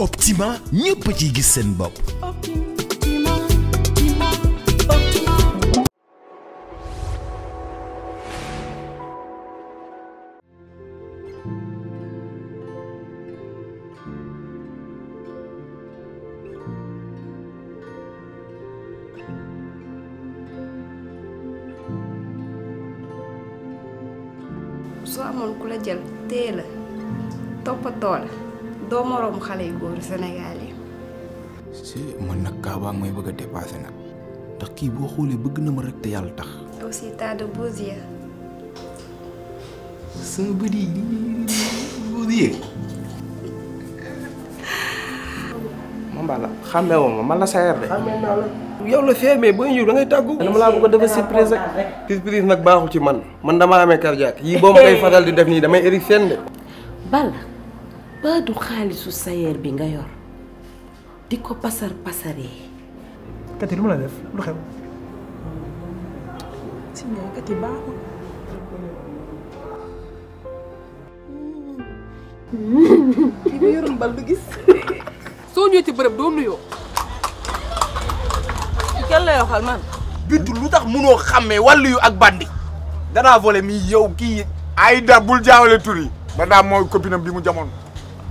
Optima ñëpp ci gis seen bopp. soo amoon ku la jël téye la toppatoo doo moroomu xale si man nag kaa bëgg a dépassé ndax kii boo xoolee bëgg na ma rek te yàlla tax. aussi de beaux yeux. sama bët yi beaux yeux. itu aku xàmmee woo ma man yow la surprise ak. surprise nak ci man man cardiaque di def ni damay érik seen badu khalisu sayer bi nga yor di ko pasar pasaree. kati la def lu xew. si nga kati baaxul. li bi yorum bal du gis. so ñu ci bërëb doo nuyoo. kenn lay waxal man. bintu lu tax mëno xamé walu yu ak bandi. dana volé mi yow ki ay da bul jaawale turi ba da moy copinam bi mu jamono.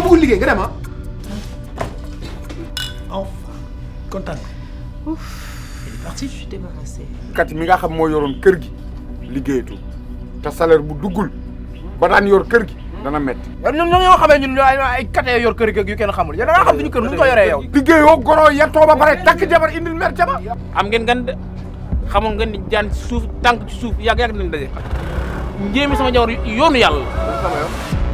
ma bëggul liggéey nga dem ah. enfin kontaan. ouf il est parti. je suis débarrassée. kat mi nga xam mo yoron kër gi liggéeyatu Ta salaire bu duggul ba daan yor kër gi. dana métti. ñun ñoo ñoo xamé ñun ay katé yor kër gi yu kenn xamul Ya nga xam duñu kër nu ko yoré yow. yo goro yettoo ba pare tak jabar indil mer jabar. am ngeen gan de xamoon nga ni jaan ci suuf tànk ci suuf yag yag nañ dajé. njéemi sama jawr yoonu yàlla.